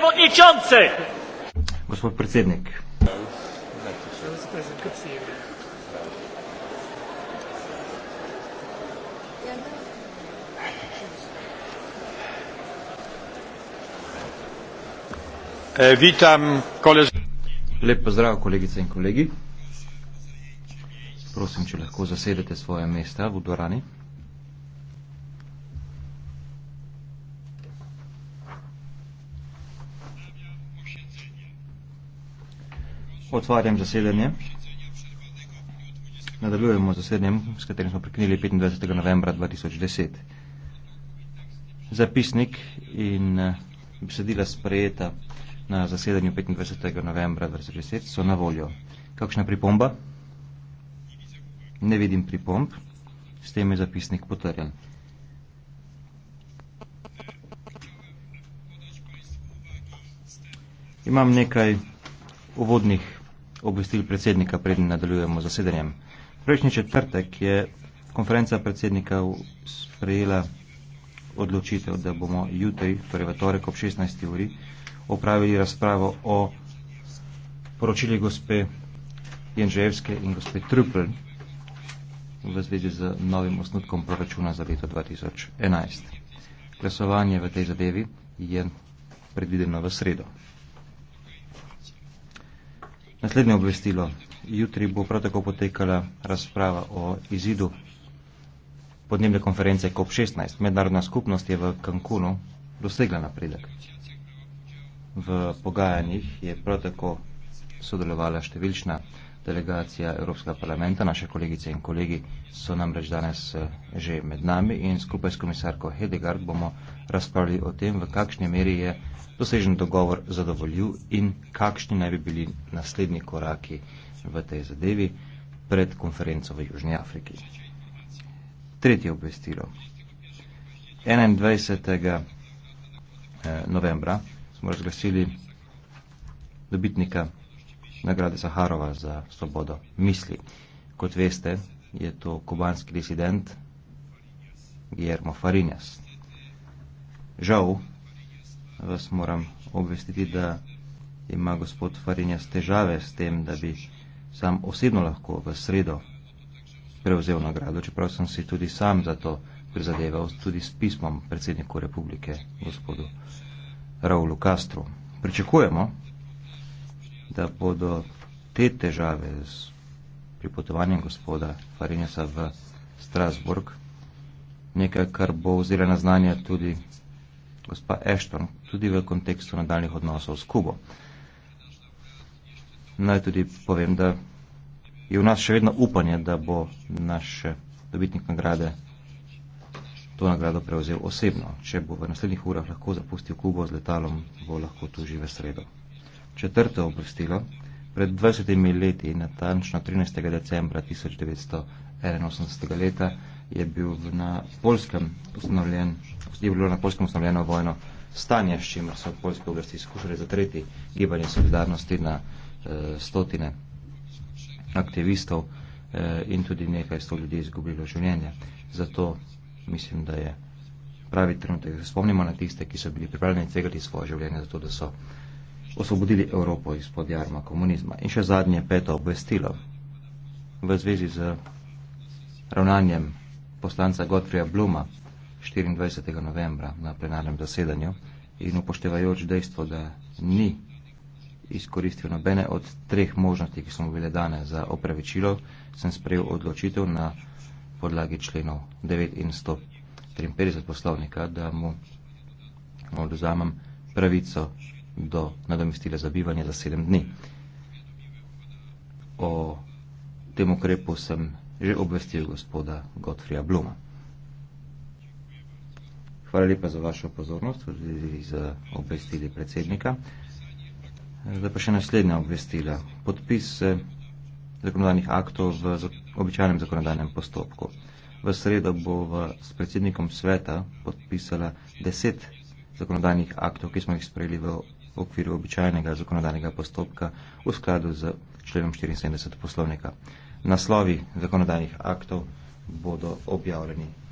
przewodniczący! Gospod predsednik. E, witam koleżanki. Lep pozdrav, kolegice in kolegi. Prosim, če lahko zasedete svoje mesta v dvorani. Otvarjam zasedanje. Nadaljujemo z zasedanjem, s katerim smo prekinili 25. novembra 2010. Zapisnik in eh, besedila sprejeta na zasedanju 25. novembra 2010 so na voljo. Kakšna pripomba? Ne vidim pripomb. S tem je zapisnik potrjen. Imam nekaj uvodnih obvestil predsednika, preden nadaljujemo z zasedanjem. Prejšnji četrtek je konferenca predsednika sprejela odločitev, da bomo jutri, torej v torek ob 16. uri, opravili razpravo o poročili gospe Janževske in gospe Trupl v zvezi z novim osnutkom proračuna za leto 2011. Glasovanje v tej zadevi je predvideno v sredo. Naslednje obvestilo. Jutri bo prav tako potekala razprava o izidu podnebne konference COP16. Mednarodna skupnost je v Cancunu dosegla napredek. V pogajanjih je prav tako sodelovala številčna delegacija Evropskega parlamenta, naše kolegice in kolegi so namreč danes eh, že med nami in skupaj s komisarko Hedegard bomo razpravljali o tem, v kakšni meri je dosežen dogovor zadovoljiv in kakšni naj bi bili naslednji koraki v tej zadevi pred konferenco v Južni Afriki. Tretje obvestilo. 21. Eh, novembra smo razglasili dobitnika nagrade Saharova za svobodo misli. Kot veste, je to kubanski disident Guillermo Farinas. Žal vas moram obvestiti, da ima gospod Farinas težave s tem, da bi sam osebno lahko v sredo prevzel nagrado, čeprav sem si tudi sam za to prizadeval, tudi s pismom predsedniku republike gospodu Raulu Castro. Pričakujemo, da bodo te težave z pripotovanjem gospoda Farinesa v Strasburg nekaj, kar bo vzela na znanje tudi gospa Ashton, tudi v kontekstu nadaljnih odnosov s Kubo. Naj tudi povem, da je v nas še vedno upanje, da bo naš dobitnik nagrade to nagrado prevzel osebno. Če bo v naslednjih urah lahko zapustil Kubo z letalom, bo lahko tu žive sredo četrto obvestilo, pred 20 leti, natančno 13. decembra 1981 leta, je, bil na polskem je bilo na polskem ustanovljeno vojno stanje, s čimer so polske oblasti skušali zatreti gibanje solidarnosti na eh, stotine aktivistov eh, in tudi nekaj sto ljudi izgubilo življenje. Zato mislim, da je pravi trenutek. Spomnimo na tiste, ki so bili pripravljeni cegati svoje življenje, zato da so eh, osvobodili Evropo izpod jarma komunizma. In še zadnje peto obvestilo v zvezi z ravnanjem poslanca Gottfrieda Bluma 24. novembra na plenarnem zasedanju in upoštevajoč dejstvo, da ni izkoristil nobene od treh možnosti, ki so mu bile dane za opravičilo, sem sprejel odločitev na podlagi členov 9 in 153 poslovnika, da mu odozamem pravico do nadomestila za bivanje za sedem dni. O tem ukrepu sem že obvestil gospoda Gottfrija Bluma. Hvala lepa za vašo pozornost, tudi za obvestili predsednika. Zdaj pa še naslednja obvestila. Podpis zakonodajnih aktov v običajnem zakonodajnem postopku. V sredo bo s predsednikom sveta podpisala deset zakonodajnih aktov, ki smo jih sprejeli v okviru običajnega zakonodajnega postopka v skladu z členom 74 poslovnika. Naslovi zakonodajnih aktov bodo objavljeni